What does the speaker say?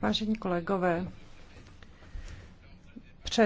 Vážení kolegové,